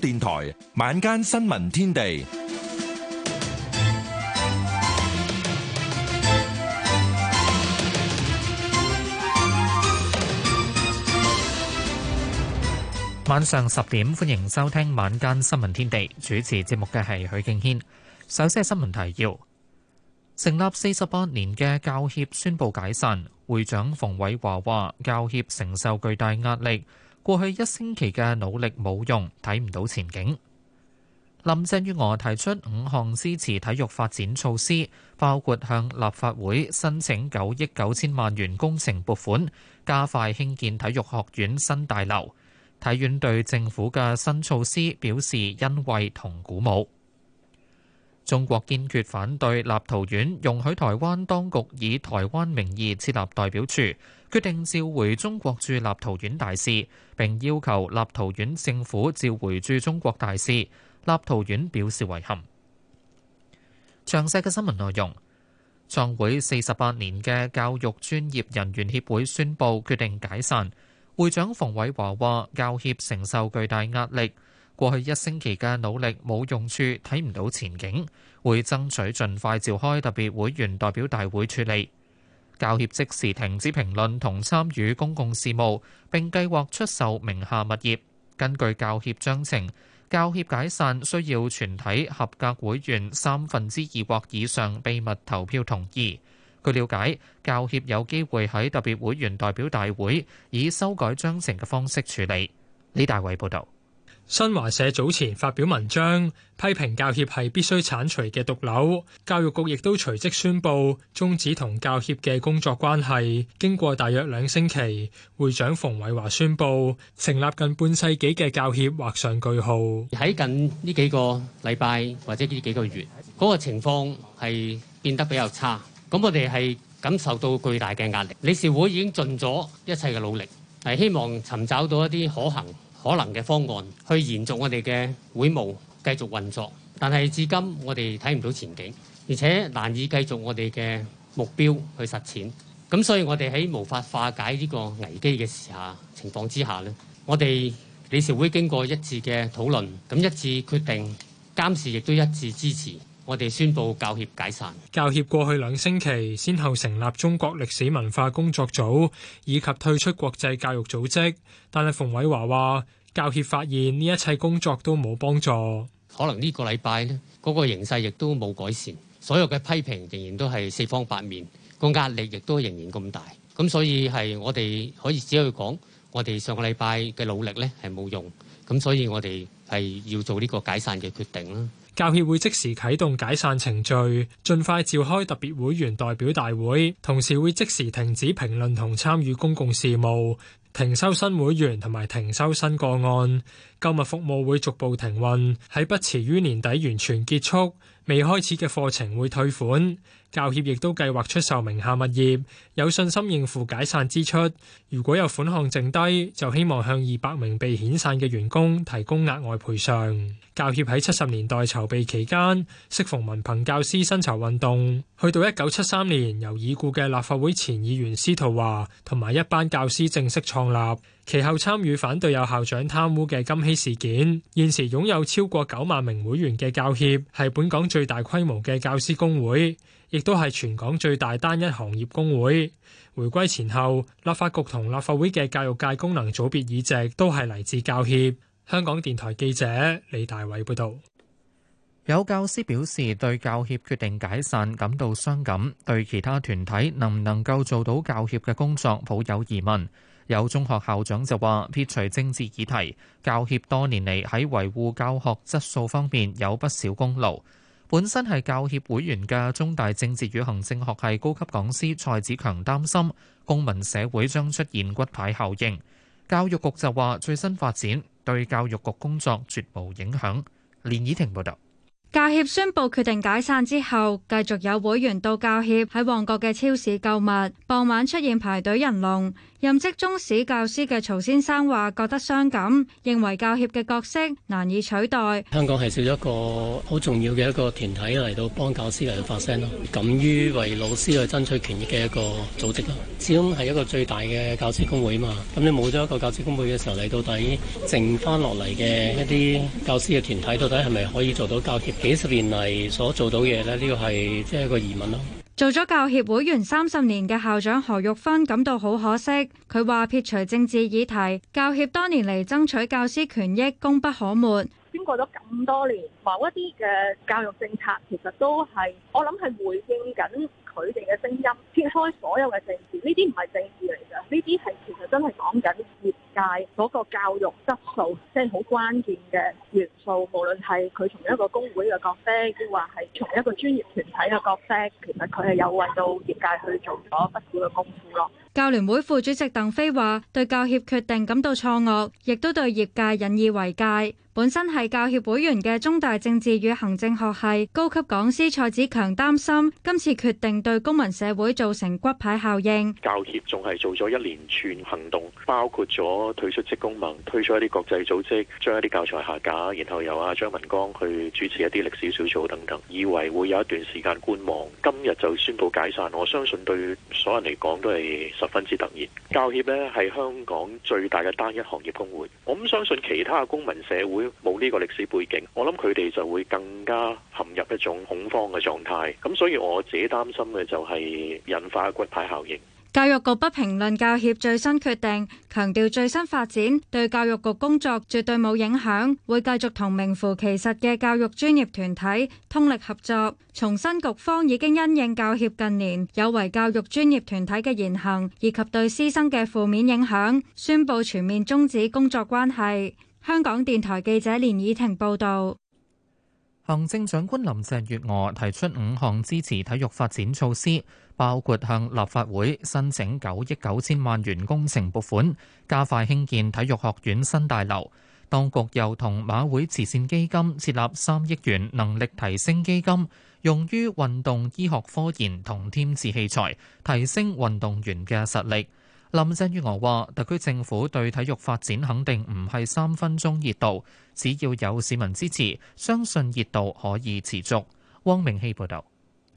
電台晚間新聞天地，晚上十點，歡迎收聽晚間新聞天地。主持節目嘅係許敬軒。首先係新聞提要：成立四十八年嘅教協宣布解散，會長馮偉華話教協承受巨大壓力。過去一星期嘅努力冇用，睇唔到前景。林鄭月娥提出五項支持體育發展措施，包括向立法會申請九億九千萬元工程撥款，加快興建體育學院新大樓。體院對政府嘅新措施表示欣慰同鼓舞。中國堅決反對立陶宛容許台灣當局以台灣名義設立代表處，決定召回中國駐立陶宛大使，並要求立陶宛政府召回駐中國大使。立陶宛表示遺憾。詳細嘅新聞內容，創會四十八年嘅教育專業人員協會宣布決定解散，會長馮偉華話：教協承受巨大壓力。過去一星期嘅努力冇用處，睇唔到前景，會爭取盡快召開特別會員代表大會處理。教協即時停止評論同參與公共事務，並計劃出售名下物業。根據教協章程，教協解散需要全體合格會員三分之二或以上秘密投票同意。據了解，教協有機會喺特別會員代表大會以修改章程嘅方式處理。李大偉報道。新華社早前發表文章批評教協係必須鏟除嘅毒瘤，教育局亦都隨即宣佈終止同教協嘅工作關係。經過大約兩星期，會長馮偉華宣佈成立近半世紀嘅教協畫上句號。喺近呢幾個禮拜或者呢幾個月，嗰個情況係變得比較差，咁我哋係感受到巨大嘅壓力。理事會已經盡咗一切嘅努力，係希望尋找到一啲可行。可能嘅方案去延續我哋嘅會務繼續運作，但係至今我哋睇唔到前景，而且難以繼續我哋嘅目標去實踐，咁所以我哋喺無法化解呢個危機嘅時下情況之下咧，我哋理事會經過一致嘅討論，咁一致決定監事亦都一致支持。我哋宣布教協解散。教協過去兩星期先後成立中國歷史文化工作組，以及退出國際教育組織。但係馮偉華話，教協發現呢一切工作都冇幫助。可能呢個禮拜呢，嗰個形勢亦都冇改善。所有嘅批評仍然都係四方八面，個壓力亦都仍然咁大。咁所以係我哋可以只可以講，我哋上個禮拜嘅努力呢係冇用。咁所以我哋係要做呢個解散嘅決定啦。教協會即時啟動解散程序，盡快召開特別會員代表大會，同時會即時停止評論同參與公共事務，停收新會員同埋停收新個案，購物服務會逐步停運，喺不遲於年底完全結束，未開始嘅課程會退款。教協亦都計劃出售名下物業，有信心應付解散支出。如果有款項剩低，就希望向二百名被遣散嘅員工提供額外賠償。教協喺七十年代籌備期間，適逢文憑教師薪酬運動，去到一九七三年由已故嘅立法會前議員司徒華同埋一班教師正式創立。其後參與反對有校長貪污嘅金禧事件。現時擁有超過九萬名會員嘅教協，係本港最大規模嘅教師工會。亦都係全港最大單一行業工會。回歸前後，立法局同立法會嘅教育界功能組別議席都係嚟自教協。香港電台記者李大偉報導，有教師表示對教協決定解散感到傷感，對其他團體能唔能夠做到教協嘅工作抱有疑問。有中學校長就話，撇除政治議題，教協多年嚟喺維護教學質素方面有不少功勞。本身係教協會員嘅中大政治與行政學系高級講師蔡子強擔心公民社會將出現骨牌效應。教育局就話最新發展對教育局工作絕無影響。連以婷報道。教協宣佈決定解散之後，繼續有會員到教協喺旺角嘅超市購物，傍晚出現排隊人龍。任職中史教師嘅曹先生話覺得傷感，認為教協嘅角色難以取代。香港係少咗一個好重要嘅一個團體嚟到幫教師嚟發聲咯，敢於為老師去爭取權益嘅一個組織咯。始終係一個最大嘅教師工會嘛，咁你冇咗一個教師工會嘅時候，你到底剩翻落嚟嘅一啲教師嘅團體到底係咪可以做到教協？幾十年嚟，所做到嘢呢，呢個係即係一個疑問咯。做咗教協會員三十年嘅校長何玉芬感到好可惜。佢話撇除政治議題，教協多年嚟爭取教師權益功不可沒。經過咗咁多年，某一啲嘅教育政策其實都係我諗係回應緊佢哋嘅聲音，撇開所有嘅政治，呢啲唔係政治嚟噶，呢啲係其實真係講緊。界嗰個教育質素，即係好關鍵嘅元素。無論係佢從一個工會嘅角色，亦或係從一個專業團體嘅角色，其實佢係有為到業界去做咗不少嘅功夫咯。教聯會副主席鄧飛話，對教協決定感到錯愕，亦都對業界引以為戒。本身係教協會員嘅中大政治與行政學系高級講師蔡子強擔心，今次決定對公民社會造成骨牌效應。教協仲係做咗一連串行動，包括咗退出職工盟，退出一啲國際組織，將一啲教材下架，然後由阿張文光去主持一啲歷史小組等等。以為會有一段時間觀望，今日就宣佈解散。我相信對所有人嚟講都係。十分之突然，教協咧，係香港最大嘅單一行業工會。我唔相信其他嘅公民社會冇呢個歷史背景，我諗佢哋就會更加陷入一種恐慌嘅狀態。咁所以我自己擔心嘅就係引發骨牌效應。教育局不評論教協最新決定，強調最新發展對教育局工作絕對冇影響，會繼續同名副其實嘅教育專業團體通力合作。重申局方已經因應教協近年有違教育專業團體嘅言行以及對師生嘅負面影響，宣布全面終止工作關係。香港電台記者連倚婷報道。行政長官林鄭月娥提出五項支持體育發展措施，包括向立法會申請九億九千萬元工程撥款，加快興建體育學院新大樓。當局又同馬會慈善基金設立三億元能力提升基金，用於運動醫學科研同添置器材，提升運動員嘅實力。林鄭月娥話：特區政府對體育發展肯定唔係三分鐘熱度，只要有市民支持，相信熱度可以持續。汪明希報導。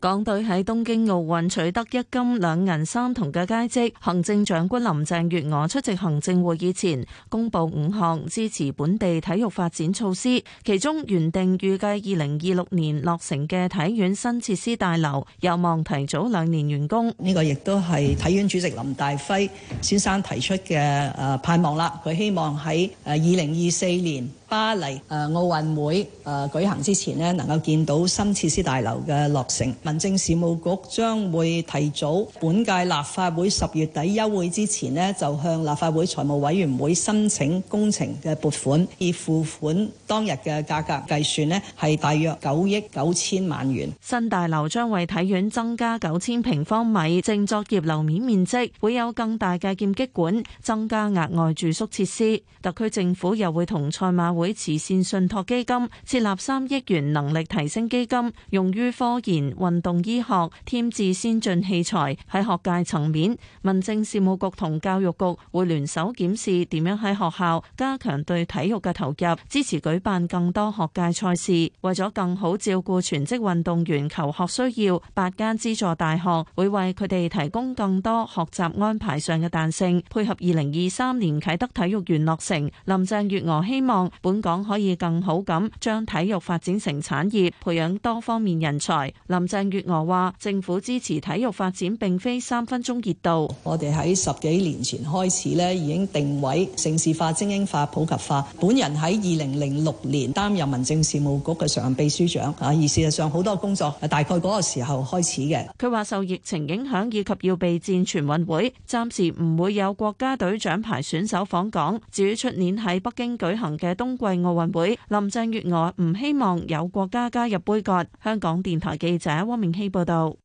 港隊喺東京奧運取得一金兩銀三銅嘅佳績。行政長官林鄭月娥出席行政會議前，公布五項支持本地體育發展措施，其中原定預計二零二六年落成嘅體院新設施大樓，有望提早兩年完工。呢個亦都係體院主席林大輝先生提出嘅誒盼望啦。佢希望喺誒二零二四年巴黎誒奧運會誒舉行之前咧，能夠見到新設施大樓嘅落成。民政事務局將會提早本屆立法會十月底休會之前呢，就向立法會財務委員會申請工程嘅撥款，以付款當日嘅價格計算呢，係大約九億九千萬元。新大樓將為體院增加九千平方米正作業樓面面積，會有更大嘅劍擊館，增加額外住宿設施。特區政府又會同賽馬會慈善信託基金設立三億元能力提升基金，用於科研運運運動醫學添置先進器材。喺學界層面，民政事務局同教育局會聯手檢視點樣喺學校加強對體育嘅投入，支持舉辦更多學界賽事。為咗更好照顧全職運動員求學需要，八間資助大學會為佢哋提供更多學習安排上嘅彈性，配合二零二三年啟德體育園落成。林鄭月娥希望本港可以更好咁將體育發展成產業，培養多方面人才。林鄭。月娥話：政府支持體育發展並非三分鐘熱度。我哋喺十幾年前開始咧，已經定位城市化、精英化、普及化。本人喺二零零六年擔任民政事務局嘅常任秘書長，啊，而事實上好多工作大概嗰個時候開始嘅。佢話受疫情影響以及要備戰全運會，暫時唔會有國家隊獎牌選手訪港。至於出年喺北京舉行嘅冬季奧運會，林鄭月娥唔希望有國家加入杯葛。香港電台記者明熙報道，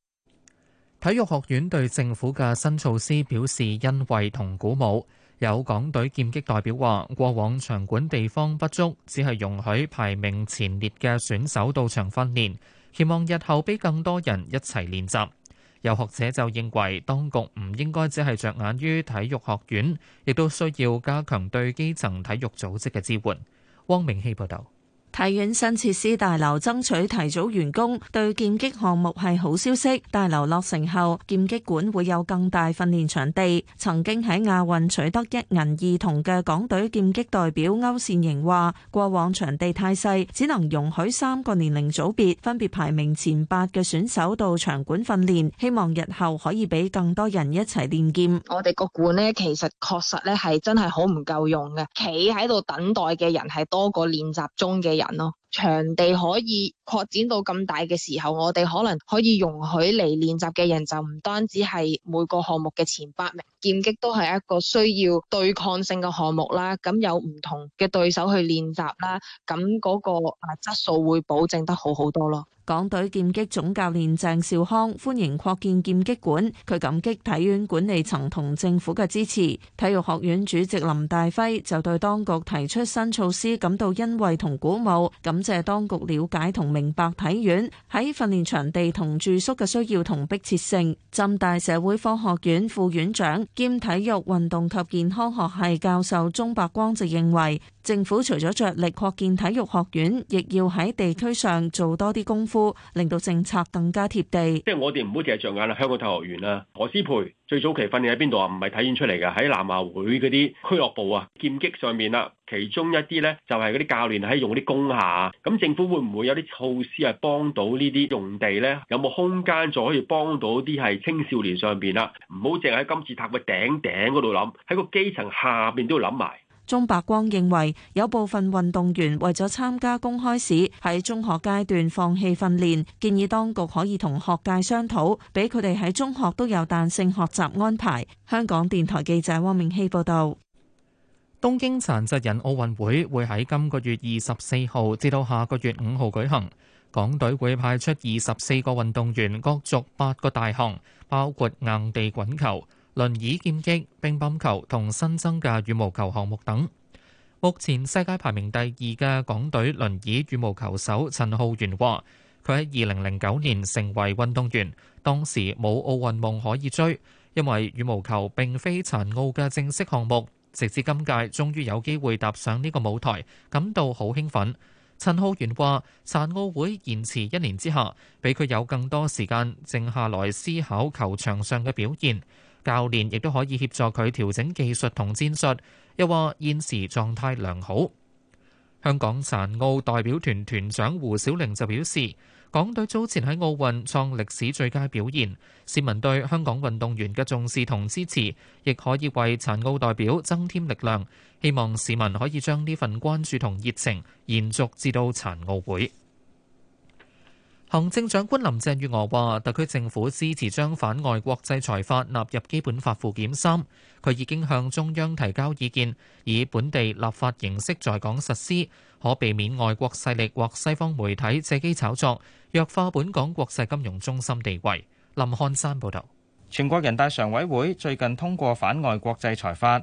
體育學院對政府嘅新措施表示欣慰同鼓舞。有港隊劍擊代表話，過往場館地方不足，只係容許排名前列嘅選手到場訓練，期望日後俾更多人一齊練習。有學者就認為，當局唔應該只係着眼於體育學院，亦都需要加強對基層體育組織嘅支援。汪明熙報道。體院新設施大樓爭取提早完工，對劍擊項目係好消息。大樓落成後，劍擊館會有更大訓練場地。曾經喺亞運取得一銀二銅嘅港隊劍擊代表歐善盈話，過往場地太細，只能容許三個年齡組別分別排名前八嘅選手到場館訓練。希望日後可以俾更多人一齊練劍。我哋個館呢，其實確實咧係真係好唔夠用嘅，企喺度等待嘅人係多過練習中嘅人。咯，場地可以，擴展到咁大嘅時候，我哋可能可以容許嚟練習嘅人就唔單止係每個項目嘅前八名，劍擊都係一個需要對抗性嘅項目啦。咁有唔同嘅對手去練習啦，咁嗰個啊質素會保證得好好多咯。港隊劍擊總教練鄭少康歡迎擴建劍擊館，佢感激體院管理層同政府嘅支持。體育學院主席林大輝就對當局提出新措施感到欣慰同鼓舞，感謝當局了解同。明白體院喺訓練場地同住宿嘅需要同迫切性，浸大社會科學院副院長兼體育運動及健康學系教授鍾伯光就認為，政府除咗着力擴建體育學院，亦要喺地區上做多啲功夫，令到政策更加貼地。即係我哋唔好淨係著眼啦，香港體育學院啦，我支配。最早期訓練喺邊度啊？唔係體院出嚟嘅，喺南華會嗰啲俱樂部啊，劍擊上面啦。其中一啲咧就係嗰啲教練喺用嗰啲工廈。咁政府會唔會有啲措施係幫到呢啲用地咧？有冇空間就可以幫到啲係青少年上邊啦？唔好淨喺金字塔嘅頂頂嗰度諗，喺個基層下邊都要諗埋。鍾伯光認為，有部分運動員為咗參加公開試，喺中學階段放棄訓練，建議當局可以同學界商討，俾佢哋喺中學都有彈性學習安排。香港電台記者汪明希報導。東京殘疾人奧運會會喺今個月二十四號至到下個月五號舉行，港隊會派出二十四個運動員，角逐八個大項，包括硬地滾球、輪椅劍擊、乒乓球同新增嘅羽毛球項目等。目前世界排名第二嘅港隊輪椅羽毛球手陳浩源話，佢喺二零零九年成為運動員，當時冇奧運夢可以追，因為羽毛球並非殘奧嘅正式項目。直至今屆，終於有機會踏上呢個舞台，感到好興奮。陳浩源話，殘奧會延遲一年之下，俾佢有更多時間靜下來思考球場上嘅表現。教練亦都可以協助佢調整技術同戰術，又話現時狀態良好。香港殘奧代表團團長胡小玲就表示，港隊早前喺奧運創歷史最佳表現，市民對香港運動員嘅重視同支持，亦可以為殘奧代表增添力量。希望市民可以將呢份關注同熱情延續至到殘奧會。行政長官林鄭月娥話：特區政府支持將反外國制裁法納入基本法附件三。佢已經向中央提交意見，以本地立法形式在港實施，可避免外國勢力或西方媒體借機炒作，弱化本港國際金融中心地位。林漢山報導。全國人大常委會最近通過反外國制裁法。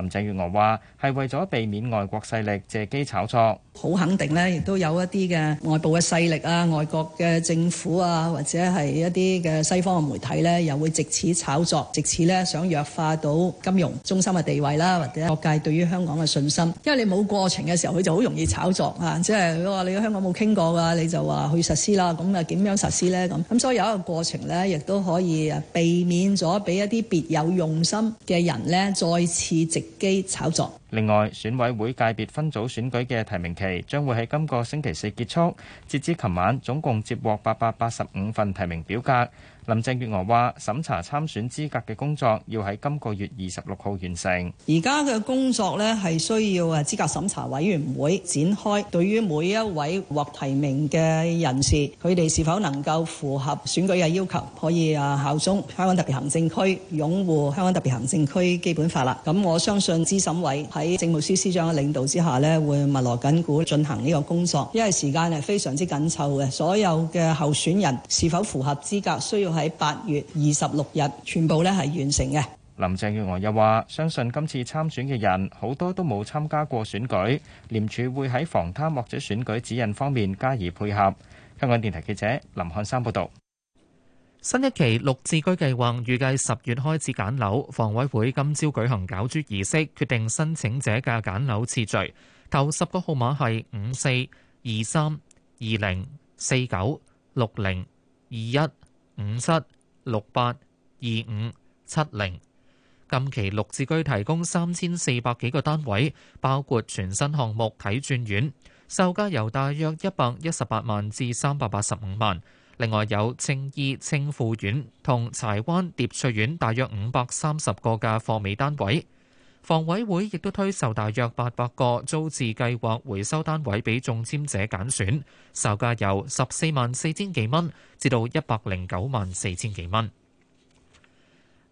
林鄭月娥話：係為咗避免外國勢力借機炒作，好肯定咧，亦都有一啲嘅外部嘅勢力啊，外國嘅政府啊，或者係一啲嘅西方嘅媒體咧，又會藉此炒作，藉此咧想弱化到金融中心嘅地位啦，或者各界對於香港嘅信心。因為你冇過程嘅時候，佢就好容易炒作啊！即係話你，你喺香港冇傾過㗎，你就話去實施啦。咁啊，點樣實施咧？咁咁，所以有一個過程咧，亦都可以避免咗俾一啲別有用心嘅人咧，再次藉機炒作。另外，選委會界別分組選舉嘅提名期將會喺今個星期四結束。截至琴晚，總共接獲八百八十五份提名表格。林鄭月娥話，審查參選資格嘅工作要喺今個月二十六號完成。而家嘅工作咧，係需要啊資格審查委員會展開對於每一位獲提名嘅人士，佢哋是否能夠符合選舉嘅要求，可以啊效忠香港特別行政區，擁護香港特別行政區基本法啦。咁我相信資審委喺政務司司長嘅領導之下咧，會密鑼緊鼓進行呢個工作，因為時間係非常之緊湊嘅，所有嘅候選人是否符合資格，需要。喺八月二十六日，全部咧係完成嘅。林鄭月娥又話：相信今次參選嘅人好多都冇參加過選舉，廉署會喺防貪或者選舉指引方面加以配合。香港電台記者林漢山報道。新一期綠置居計劃預計十月開始揀樓，房委會今朝舉行攪珠儀式，決定申請者嘅揀樓次序。頭十個號碼係五四二三二零四九六零二一。五七六八二五七零，近期綠置居提供三千四百幾個單位，包括全新項目啟鑽苑，售價由大約一百一十八萬至三百八十五萬，另外有青衣青富苑同柴灣疊翠苑，大約五百三十個嘅貨尾單位。房委會亦都推售大約八百個租置計劃回收單位俾中簽者揀選，售價由十四萬四千幾蚊至到一百零九萬四千幾蚊。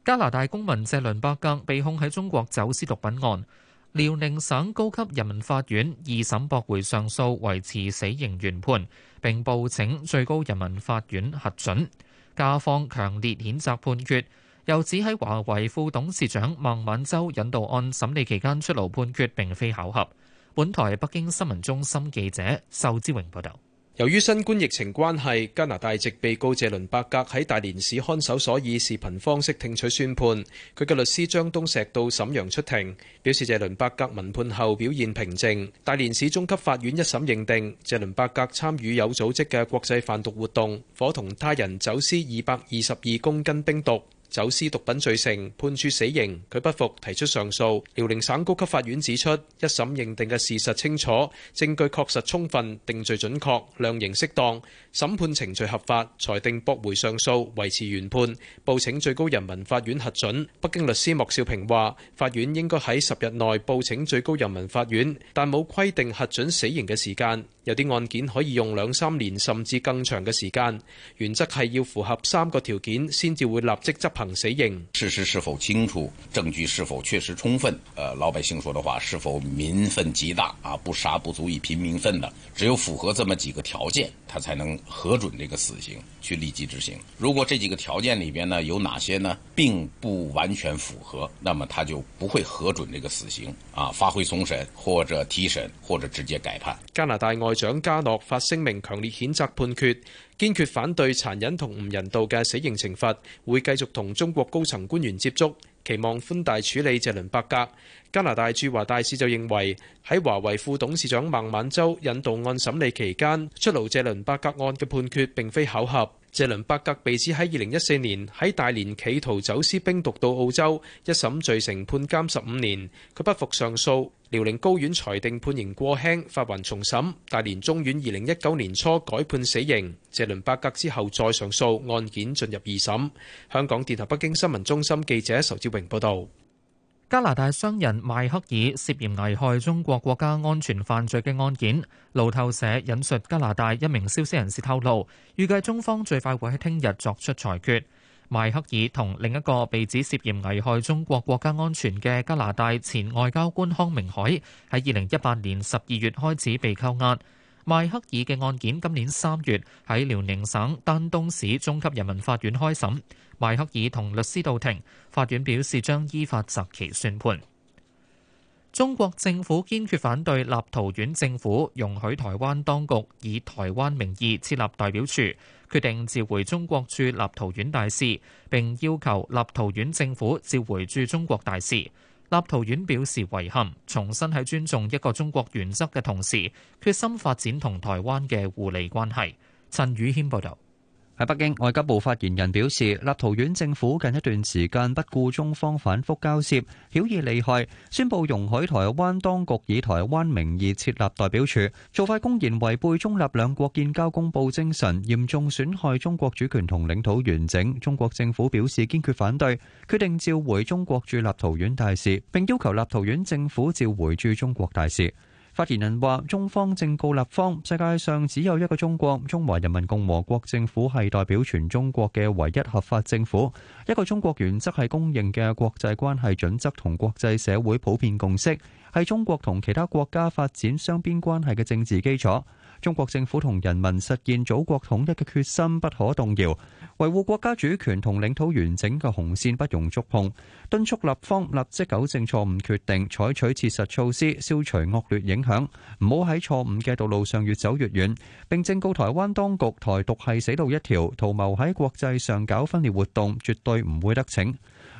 加拿大公民謝倫伯格被控喺中國走私毒品案，遼寧省高級人民法院二審駁回上訴，維持死刑原判，並報請最高人民法院核准。加方強烈譴責判決。又指喺華為副董事長孟晚舟引渡案審理期間出爐判決，並非巧合。本台北京新聞中心記者壽之榮報道。由於新冠疫情關係，加拿大籍被告謝倫伯格喺大連市看守所以視頻方式聽取宣判。佢嘅律師張東石到沈陽出庭，表示謝倫伯格聞判後表現平靜。大連市中級法院一審認定謝倫伯格參與有組織嘅國際販毒活動，夥同他人走私二百二十二公斤冰毒。走私毒品罪成，判處死刑。佢不服，提出上訴。遼寧省高級法院指出，一審認定嘅事實清楚，證據確實充分，定罪準確，量刑適當。審判程序合法，裁定駁回上訴，維持原判，報請最高人民法院核准。北京律師莫少平話：法院應該喺十日內報請最高人民法院，但冇規定核准死刑嘅時間。有啲案件可以用兩三年甚至更長嘅時間。原則係要符合三個條件先至會立即執行死刑：事實是否清楚？證據是否確實充分？呃，老百姓說的話是否民憤極大？啊，不殺不足以平民憤的。只有符合這麼幾個條件，他才能核准這個死刑去立即執行，如果這幾個條件裏邊呢，有哪些呢，並不完全符合，那麼他就不會核准這個死刑啊，發回重審或者提審或者直接改判。加拿大外長加諾發聲明，強烈譴責判決，堅決反對殘忍同唔人道嘅死刑懲罰，會繼續同中國高層官員接觸。期望寬大處理謝倫伯格。加拿大駐華大使就認為，喺華為副董事長孟晚舟引渡案審理期間，出爐謝倫伯格案嘅判決並非巧合。謝倫伯格被指喺二零一四年喺大連企圖走私冰毒到澳洲，一審罪成判監十五年，佢不服上訴。遼寧高院裁定判刑過輕，發還重審。大連中院二零一九年初改判死刑，謝倫伯格之後再上訴，案件進入二審。香港電台北京新聞中心記者仇志榮報道。加拿大商人邁克爾涉嫌危害中國國家安全犯罪嘅案件，路透社引述加拿大一名消息人士透露，預計中方最快會喺聽日作出裁決。邁克爾同另一個被指涉嫌危害中國國家安全嘅加拿大前外交官康明凱，喺二零一八年十二月開始被扣押。邁克爾嘅案件今年三月喺遼寧省丹東市中級人民法院開審，邁克爾同律師到庭，法院表示將依法擇期宣判。中國政府堅決反對立陶宛政府容許台灣當局以台灣名義設立代表處，決定召回中國駐立陶宛大使，並要求立陶宛政府召回駐中國大使。立陶宛表示遺憾，重新喺尊重一個中國原則嘅同時，決心發展同台灣嘅互利關係。陳宇軒報道。喺北京，外交部發言人表示，立陶宛政府近一段時間不顧中方反覆交涉，曉以利害，宣布容許台灣當局以台灣名義設立代表處，做法公然違背中立兩國建交公報精神，嚴重損害中國主權同領土完整。中國政府表示堅決反對，決定召回中國駐立陶宛大使，並要求立陶宛政府召回駐中國大使。發言人話：中方正告立方，世界上只有一個中國，中華人民共和國政府係代表全中國嘅唯一合法政府。一個中國原則係公認嘅國際關係準則同國際社會普遍共識，係中國同其他國家發展雙邊關係嘅政治基礎。中國政府同人民實現祖國統一嘅決心不可動搖，維護國家主權同領土完整嘅紅線不容觸碰。敦促立方立即糾正錯誤決定，採取切實措施，消除惡劣影響，唔好喺錯誤嘅道路上越走越遠，並正告台灣當局，台獨係死路一條，圖謀喺國際上搞分裂活動，絕對唔會得逞。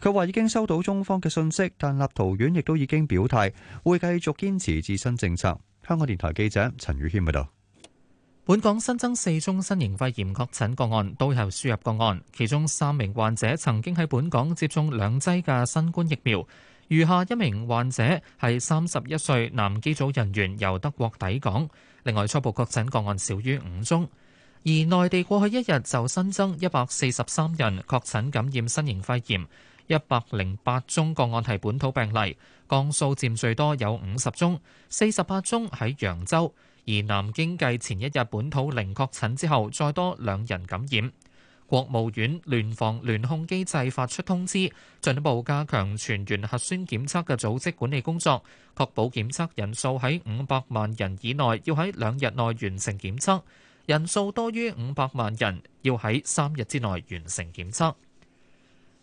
佢話已經收到中方嘅信息，但立陶宛亦都已經表態會繼續堅持自身政策。香港電台記者陳宇謙喺度。本港新增四宗新型肺炎確診個案，都係輸入個案，其中三名患者曾經喺本港接種兩劑嘅新冠疫苗，餘下一名患者係三十一歲男機組人員，由德國抵港。另外，初步確診個案少於五宗，而內地過去一日就新增一百四十三人確診感染新型肺炎。一百零八宗個案係本土病例，江蘇佔最多有五十宗，四十八宗喺揚州。而南京繼前一日本土零確診之後，再多兩人感染。國務院聯防聯控機制發出通知，進一步加強全員核酸檢測嘅組織管理工作，確保檢測人數喺五百萬人以內，要喺兩日內完成檢測；人數多於五百萬人，要喺三日之內完成檢測。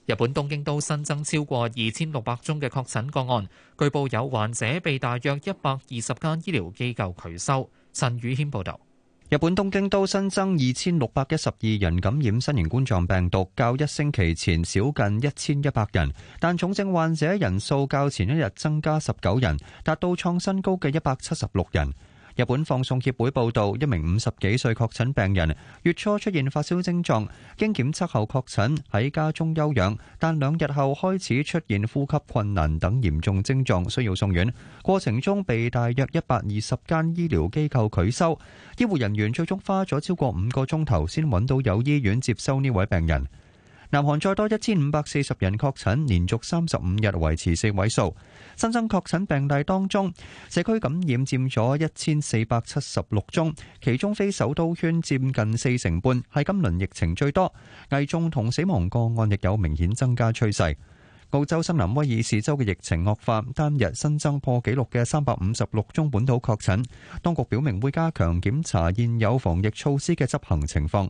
日本東京都新增超過二千六百宗嘅確診個案，據報有患者被大約一百二十間醫療機構拒收。陳宇軒報導，日本東京都新增二千六百一十二人感染新型冠狀病毒，較一星期前少近一千一百人，但重症患者人數較前一日增加十九人，達到創新高嘅一百七十六人。日本放送協會報道，一名五十幾歲確診病人月初出現發燒症狀，經檢測後確診喺家中休養，但兩日後開始出現呼吸困難等嚴重症狀需要送院。過程中被大約一百二十間醫療機構拒收，醫護人員最終花咗超過五個鐘頭先搵到有醫院接收呢位病人。南韓再多一千五百四十人確診，連續三十五日維持四位數。新增確診病例當中，社區感染佔咗一千四百七十六宗，其中非首都圈佔近四成半，係今輪疫情最多。危重同死亡個案亦有明顯增加趨勢。澳洲新南威爾士州嘅疫情惡化，單日新增破紀錄嘅三百五十六宗本土確診，當局表明會加強檢查現有防疫措施嘅執行情況。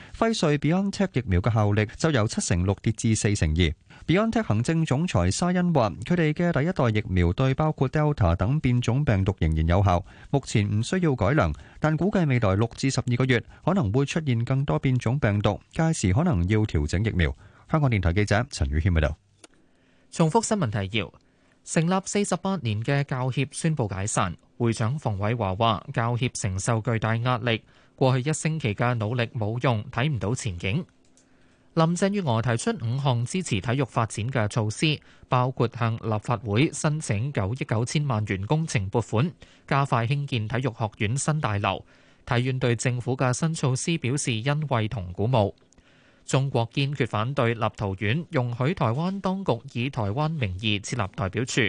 輝瑞、BioNTech 疫苗嘅效力就由七成六跌至四成二。BioNTech 行政總裁沙恩話：佢哋嘅第一代疫苗對包括 Delta 等變種病毒仍然有效，目前唔需要改良，但估計未來六至十二個月可能會出現更多變種病毒，屆時可能要調整疫苗。香港電台記者陳宇謙報道。重複新聞提要：成立四十八年嘅教協宣佈解散，會長馮偉華話：教協承受巨大壓力。過去一星期嘅努力冇用，睇唔到前景。林鄭月娥提出五項支持體育發展嘅措施，包括向立法會申請九億九千萬元工程撥款，加快興建體育學院新大樓。體院對政府嘅新措施表示欣慰同鼓舞。中國堅決反對立陶宛容許台灣當局以台灣名義設立代表處。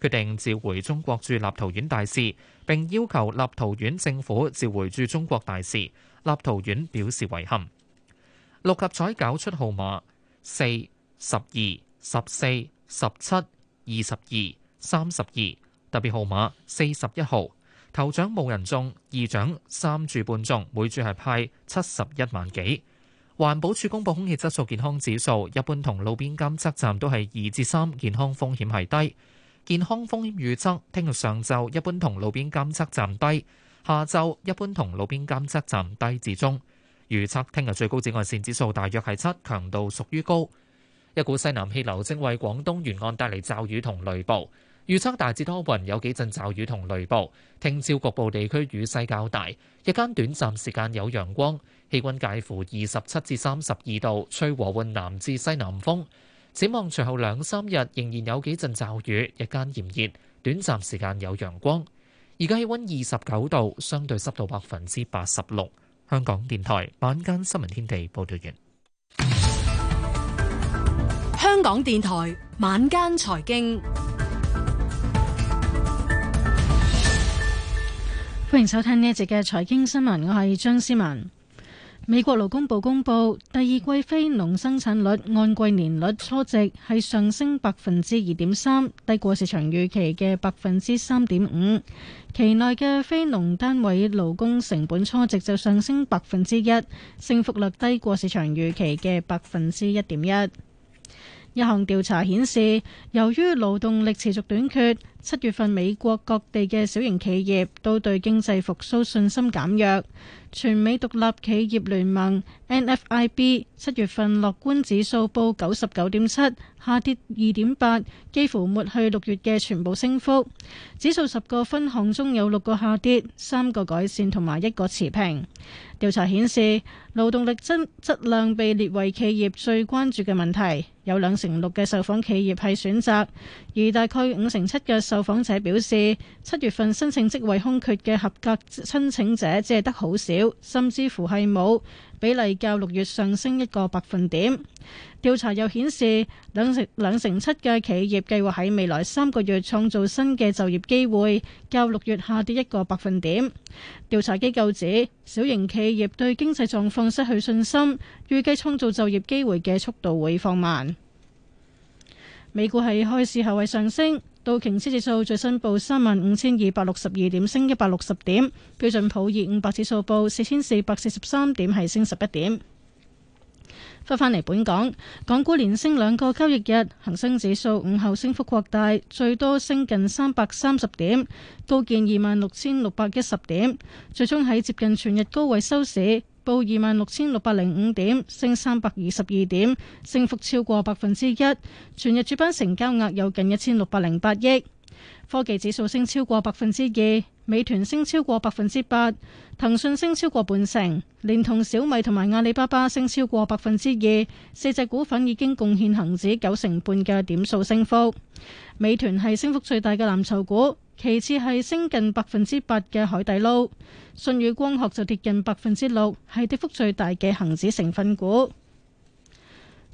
決定召回中國駐立陶宛大使，並要求立陶宛政府召回駐中國大使。立陶宛表示遺憾。六合彩搞出號碼四、十二、十四、十七、二十二、三十二，特別號碼四十一號。頭獎冇人中，二獎三注半中，每注係派七十一萬幾。環保署公佈空氣質素健康指數，一般同路邊監測站都係二至三，3，健康風險係低。健康風險預測：聽日上晝一般同路邊監測站低，下晝一般同路邊監測站低至中。預測聽日最高紫外線指數大約係七，強度屬於高。一股西南氣流正為廣東沿岸帶嚟驟雨同雷暴，預測大致多雲，有幾陣驟雨同雷暴，聽朝局部地區雨勢較大，日間短暫時間有陽光。氣温介乎二十七至三十二度，吹和緩南至西南風。展望隨後兩三日，仍然有幾陣驟雨，日間炎熱，短暫時間有陽光。而家氣溫二十九度，相對濕度百分之八十六。香港電台晚間新聞天地報導完。香港電台晚間財經，歡迎收聽呢一節嘅財經新聞，我係張思文。美國勞工部公佈第二季非農生產率按季年率初值係上升百分之二點三，低過市場預期嘅百分之三點五。期內嘅非農單位勞工成本初值就上升百分之一，升幅率低過市場預期嘅百分之一點一。一項調查顯示，由於勞動力持續短缺。七月份美國各地嘅小型企業都對經濟復甦信心減弱。全美獨立企業聯盟 （NFIB） 七月份樂觀指數報九十九點七，下跌二點八，幾乎抹去六月嘅全部升幅。指數十個分項中有六個下跌，三個改善同埋一個持平。調查顯示，勞動力質質量被列為企業最關注嘅問題，有兩成六嘅受訪企業係選擇，而大概五成七嘅。受訪者表示，七月份申請職位空缺嘅合格申請者只係得好少，甚至乎係冇，比例較六月上升一個百分點。調查又顯示，兩成兩成七嘅企業計劃喺未來三個月創造新嘅就業機會，較六月下跌一個百分點。調查機構指，小型企業對經濟狀況失去信心，預計創造就業機會嘅速度會放慢。美股係開市後係上升。道瓊斯指數最新報三萬五千二百六十二點，升一百六十點。標準普爾五百指數報四千四百四十三點，係升十一點。翻返嚟本港，港股連升兩個交易日，恒生指數午後升幅擴大，最多升近三百三十點，高見二萬六千六百一十點，最終喺接近全日高位收市。報二萬六千六百零五點，升三百二十二點，升幅超過百分之一。全日主板成交額有近一千六百零八億。科技指數升超過百分之二，美團升超過百分之八，騰訊升超過半成，連同小米同埋阿里巴巴升超過百分之二，四隻股份已經貢獻恒指九成半嘅點數升幅。美團係升幅最大嘅藍籌股，其次係升近百分之八嘅海底撈，舜宇光學就跌近百分之六，係跌幅最大嘅恒指成分股。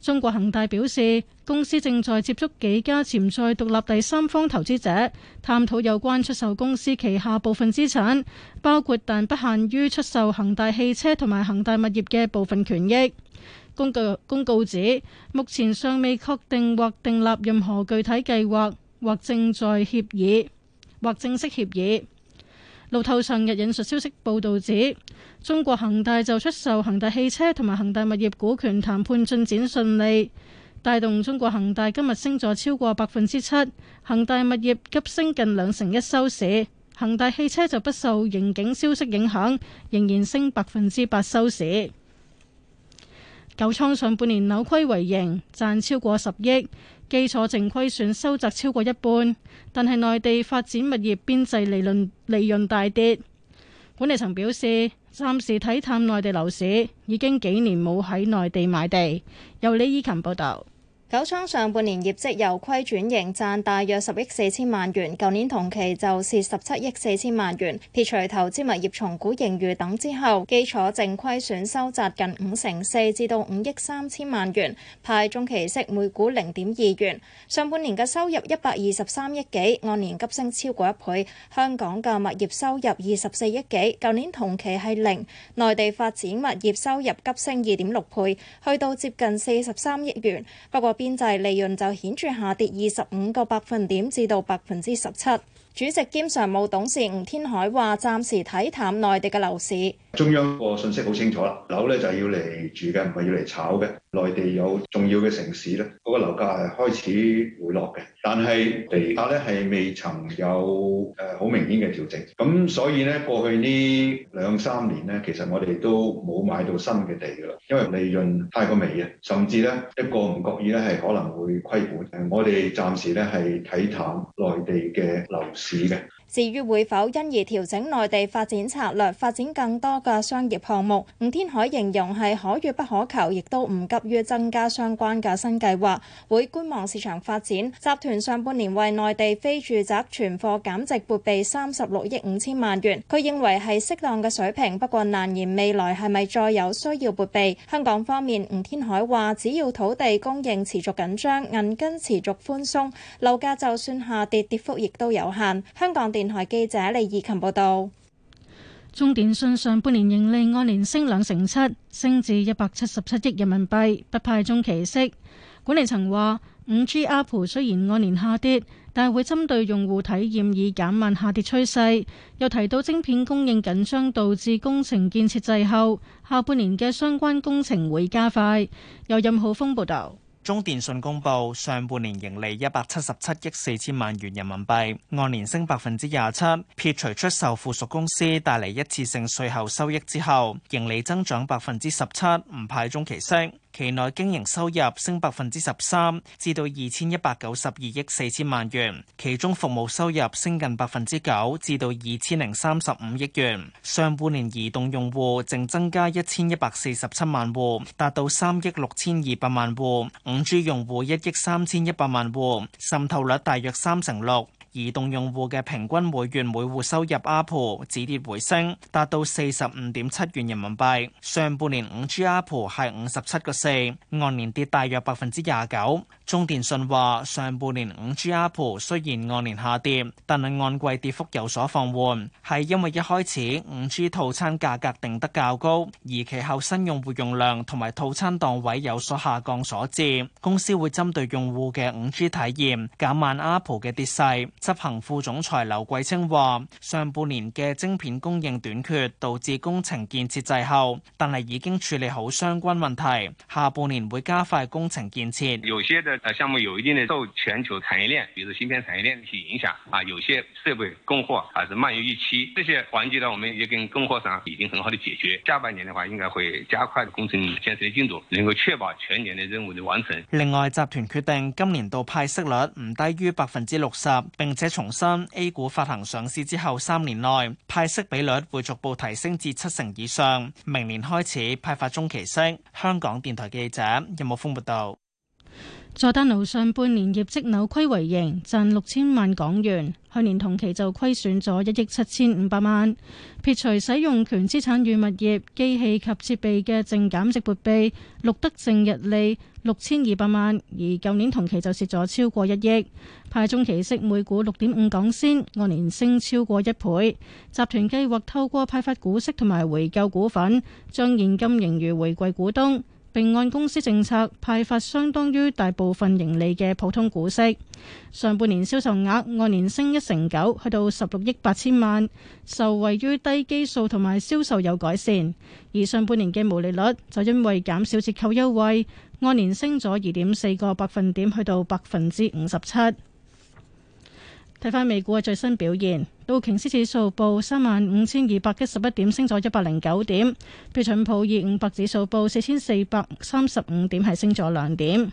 中國恒大表示，公司正在接觸幾家潛在獨立第三方投資者，探討有關出售公司旗下部分資產，包括但不限於出售恒大汽車同埋恒大物業嘅部分權益。公告公告指，目前尚未確定或訂立任何具體計劃，或正在協議，或正式協議。路透昨日引述消息報道指，中國恒大就出售恒大汽車同埋恒大物業股權談判進展順利，帶動中國恒大今日升咗超過百分之七，恒大物業急升近兩成一收市，恒大汽車就不受盈警消息影響，仍然升百分之八收市。舊倉上半年扭虧為盈，賺超過十億，基礎淨虧損收窄超過一半。但係內地發展物業邊際利潤利潤大跌，管理層表示暫時睇淡內地樓市，已經幾年冇喺內地買地。由李依勤報道。九倉上半年業績由虧轉盈，賺大約十億四千萬元，舊年同期就蝕十七億四千萬元。撇除投資物業重估盈餘等之後，基礎淨虧損收窄近五成四，至到五億三千萬元，派中期息每股零點二元。上半年嘅收入一百二十三億幾，按年急升超過一倍。香港嘅物業收入二十四億幾，舊年同期係零，內地發展物業收入急升二點六倍，去到接近四十三億元。不過邊際利潤就顯著下跌二十五個百分點，至到百分之十七。主席兼常務董事吳天海話：暫時睇淡內地嘅樓市。中央個信息好清楚啦，樓咧就係要嚟住嘅，唔係要嚟炒嘅。內地有重要嘅城市咧，嗰個樓價係開始回落嘅，但係地價咧係未曾有誒好明顯嘅調整。咁所以咧，過去呢兩三年咧，其實我哋都冇買到新嘅地㗎啦，因為利潤太過微啊，甚至咧一個唔覺意咧係可能會虧本。誒，我哋暫時咧係睇淡內地嘅樓市嘅。至於會否因而調整內地發展策略，發展更多嘅商業項目，吳天海形容係可遇不可求，亦都唔急於增加相關嘅新計劃，會觀望市場發展。集團上半年為內地非住宅存貨減值撥備三十六億五千萬元，佢認為係適當嘅水平，不過難言未來係咪再有需要撥備。香港方面，吳天海話只要土地供應持續緊張，銀根持續寬鬆，樓價就算下跌，跌幅亦都有限。香港。連台記者李義勤報道：中電信上半年盈利按年升兩成七，升至一百七十七億人民幣，不派中期息。管理層話，五 G ARPU 雖然按年下跌，但會針對用戶體驗以減慢下跌趨勢。又提到晶片供應緊張導致工程建設滯後，下半年嘅相關工程會加快。由任浩峰報道。中電訊公布上半年盈利一百七十七億四千萬元人民幣，按年升百分之廿七。撇除出售附屬公司帶嚟一次性稅後收益之後，盈利增長百分之十七，唔派中期息。期內經營收入升百分之十三，至到二千一百九十二億四千萬元，其中服務收入升近百分之九，至到二千零三十五億元。上半年移動用戶淨增加一千一百四十七萬戶，達到三億六千二百萬戶，五 G 用戶一億三千一百萬戶，滲透率大約三成六。移動用戶嘅平均每月每戶收入 ARPU 止跌回升，達到四十五點七元人民幣。上半年五 G ARPU 係五十七個四，按年跌大約百分之廿九。中電信話：上半年五 G ARPU 雖然按年下跌，但係按季跌幅有所放緩，係因為一開始五 G 套餐價格格定得較高，而其後新用戶用量同埋套餐檔位有所下降所致。公司會針對用戶嘅五 G 體驗減慢 ARPU 嘅跌勢。執行副總裁劉桂清話：上半年嘅晶片供應短缺導致工程建設滯後，但係已經處理好相關問題，下半年會加快工程建設。有項目有一定的受全球產業鏈，比如芯片產業鏈的一些影響啊，有些設備供貨還是慢於預期。這些環節呢，我們也跟供貨商已經很好的解決。下半年的話，應該會加快工程建設進度，能夠確保全年的任務的完成。另外，集團決定今年度派息率唔低於百分之六十，並且重申 A 股發行上市之後三年內派息比率會逐步提升至七成以上。明年開始派發中期息。香港電台記者任武峰報道。佐丹奴上半年業績扭虧為盈，賺六千萬港元，去年同期就虧損咗一億七千五百萬。撇除使用權資產與物業機器及設備嘅淨減值撥備，錄得淨溢利六千二百萬，而舊年同期就蝕咗超過一億。派中期息每股六點五港仙，按年升超過一倍。集團計劃透過派發股息同埋回購股份，將現金盈餘回饋股東，並按公司政策派發相當於大部分盈利嘅普通股息。上半年銷售額按年升一成九，去到十六億八千萬，受惠於低基數同埋銷售有改善。而上半年嘅毛利率就因為減少折扣優惠，按年升咗二點四個百分點，去到百分之五十七。睇翻美股嘅最新表現，道瓊斯指數報三萬五千二百一十一點，升咗一百零九點；標準普爾五百指數報四千四百三十五點，係升咗兩點。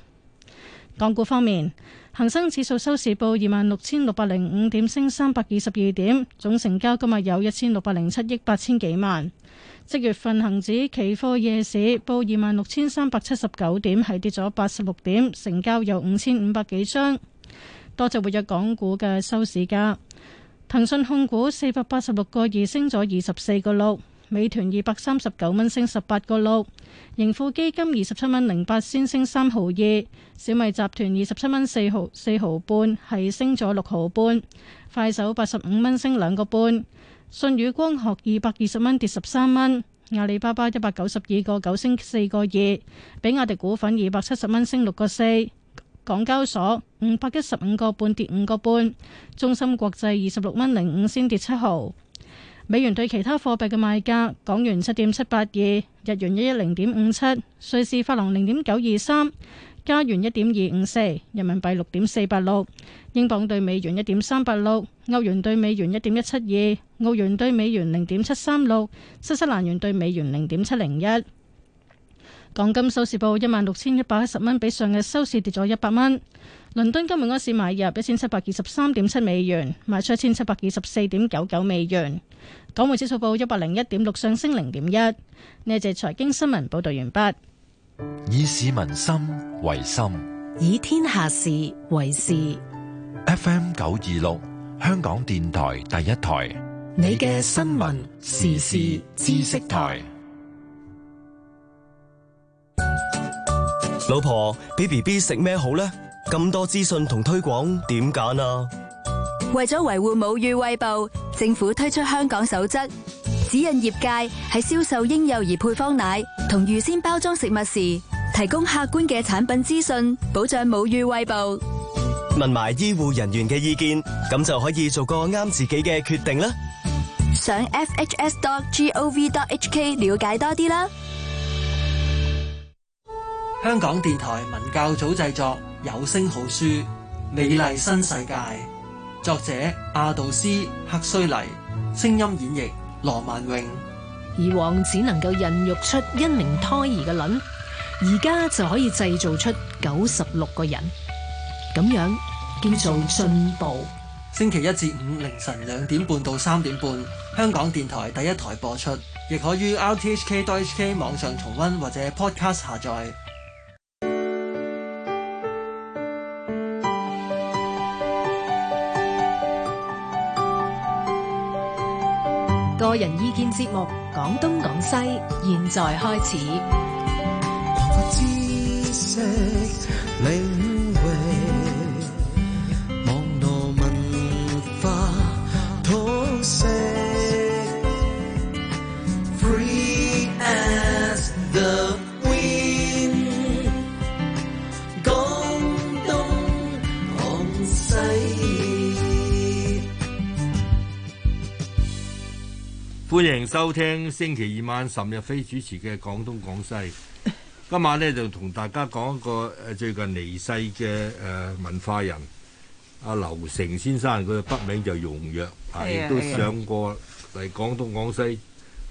港股方面，恒生指數收市報二萬六千六百零五點，升三百二十二點，總成交今日有一千六百零七億八千幾萬。即月份恒指期貨夜市報二萬六千三百七十九點，係跌咗八十六點，成交有五千五百幾張。多隻活躍港股嘅收市價：騰訊控股四百八十六個二升咗二十四個六，美團二百三十九蚊升十八個六，盈富基金二十七蚊零八先升三毫二，小米集團二十七蚊四毫四毫半係升咗六毫半，快手八十五蚊升兩個半，舜宇光學二百二十蚊跌十三蚊，阿里巴巴一百九十二個九升四個二，比亞迪股份二百七十蚊升六個四。港交所五百一十五個半跌五個半，中芯國際二十六蚊零五先跌七毫。美元對其他貨幣嘅賣價：港元七點七八二，日元一一零點五七，瑞士法郎零點九二三，加元一點二五四，人民幣六點四八六，英鎊對美元一點三八六，歐元對美元一點一七二，澳元對美元零點七三六，新西蘭元對美元零點七零一。港金收市報一萬六千一百一十蚊，比上日收市跌咗一百蚊。倫敦金每盎司買入一千七百二十三點七美元，賣出一千七百二十四點九九美元。港匯指數報一百零一點六，上升零點一。呢一節財經新聞報道完畢。以市民心為心，以天下事為事。F M 九二六，香港電台第一台，你嘅新聞時事知識台。老婆，俾 B B 食咩好呢？咁多資訊同推廣，點揀啊？為咗維護母乳喂哺，政府推出香港守則，指引業界喺銷售嬰幼兒配方奶同預先包裝食物時，提供客觀嘅產品資訊，保障母乳喂哺。問埋醫護人員嘅意見，咁就可以做個啱自己嘅決定啦。上 fhs.gov.hk 了解多啲啦。香港電台文教組製作有聲好書《美麗新世界》，作者阿道斯·赫胥黎，聲音演繹羅曼詠。以往只能夠孕育出一名胎兒嘅卵，而家就可以製造出九十六個人，咁樣叫做進步。 星期一至五凌晨兩點半到三點半，香港電台第一台播出，亦可於 RTHK 多 H K 網上重溫或者 Podcast 下載。個人意見節目《講東講西》，現在開始。 歡迎收聽星期二晚岑日飛主持嘅《廣東廣西》。 今晚呢，就同大家講一個誒，最近離世嘅誒文化人阿劉成先生，佢嘅筆名就容若，亦、 啊、都上過嚟《廣東廣西》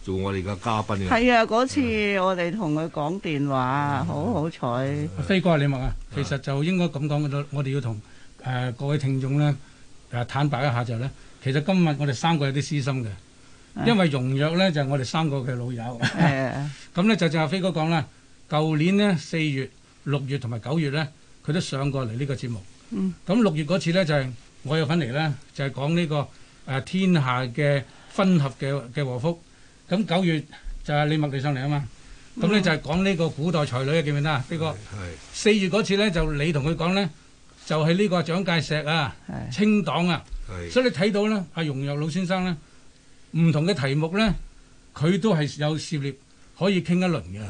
做我哋嘅嘉賓嘅。係啊，嗰、啊、次我哋同佢講電話， 好好彩。飛哥，你問啊，其實就應該咁講嘅。我哋要同誒各位聽眾咧誒坦白一下就咧，其實今日我哋三個有啲私心嘅。因為容若咧就係、是、我哋三個嘅老友，咁 咧、 嗯、 就正阿飛哥講啦，舊年呢，四月、六月同埋九月咧，佢都上過嚟呢個節目。咁六、嗯、月嗰次咧就係、是、我有份嚟咧，就係講呢個誒、啊、天下嘅分合嘅嘅和福。咁九月就係你默裏上嚟啊嘛，咁咧就係、是、講呢個古代才女啊，記唔記得啊？嗯、呢個四月嗰次咧就你同佢講咧，就係、是、呢個蔣介石啊、是清黨啊，是所以你睇到咧阿容若老先生咧。唔同嘅題目呢，佢都係有涉獵，可以傾一輪嘅。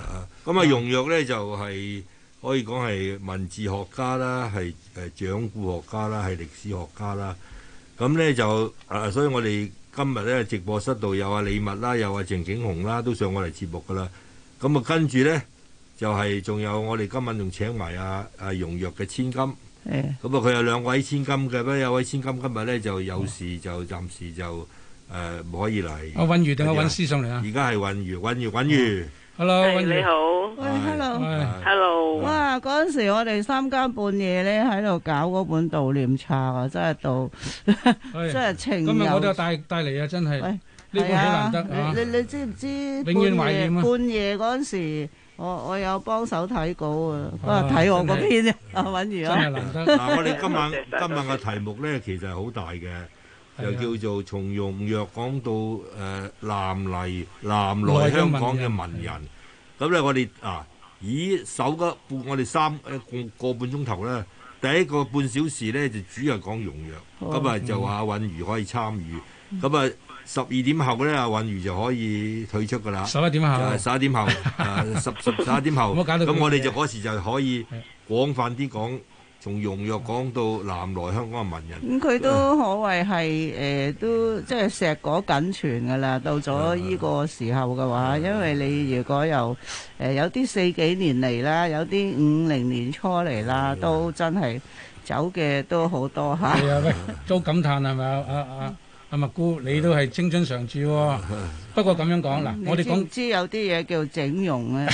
咁啊，容若呢就係、是、可以講係文字學家啦，係誒、呃、掌故學家啦，係歷史學家啦。咁、啊、呢，就啊，所以我哋今日呢，直播室度有啊李物啦，又啊鄭景洪啦，都上我哋節目噶啦。咁啊，跟住呢，就係、是、仲有我哋今日仲請埋啊啊容若嘅千金。咁啊的，佢有兩位千金嘅，不過有位千金今日呢，就有事就暫時就。啊啊誒，唔可以嚟。我揾魚定係揾詩上嚟啊？而家係揾魚，揾魚，揾魚。Hello，你好。喂，Hello，Hello。哇，嗰陣時我哋三更半夜咧喺度搞嗰本悼念冊啊，真係悼，真係情有。今日我都帶帶嚟啊，真係。係啊。你你知唔知半夜半夜嗰陣時，我我有幫手睇稿啊，不過睇我嗰篇啊，揾魚啊。真係好難得。嗱，我哋今晚今晚嘅題目咧，其實係好大嘅。又叫做從容若講到誒南嚟南來香港嘅文人，咁咧、啊、我哋啊以首個半我哋三誒個,個半鐘頭咧，第一個半小時咧就主要係講容若，咁啊、哦、就話阿允如可以參與，咁啊十二點後咧阿允如就可以退出㗎啦。十一點後，十一點後，十十十一點後，咁我哋就嗰平時就可以廣泛啲講。從容若講到南來香港嘅文人，咁佢、嗯、都可謂係誒、呃、都即係碩果僅存㗎啦。到咗呢個時候嘅話，嗯嗯、因為你如果又誒、呃、有啲四幾年嚟啦，有啲五零年初嚟啦，嗯嗯、都真係走嘅都好多嚇。係、嗯、 啊，都感嘆係咪啊啊！阿默姑，你都係青春常駐喎。不過咁樣講嗱，我哋講唔知有啲嘢叫整容啊。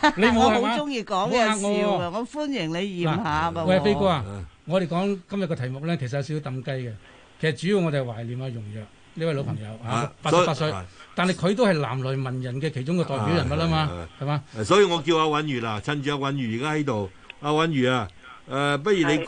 但係我好中意講笑，我歡迎你驗下㗎。喂，飛哥啊，我哋講今日個題目咧，其實有少少抌雞嘅。其實主要我哋係懷念阿容若呢位老朋友啊，八十八歲，但係佢都係南來文人嘅其中嘅代表人物啦嘛，係嘛？所以，我叫阿允如啦，趁住阿允如而家喺度，阿允如啊，誒，不如你。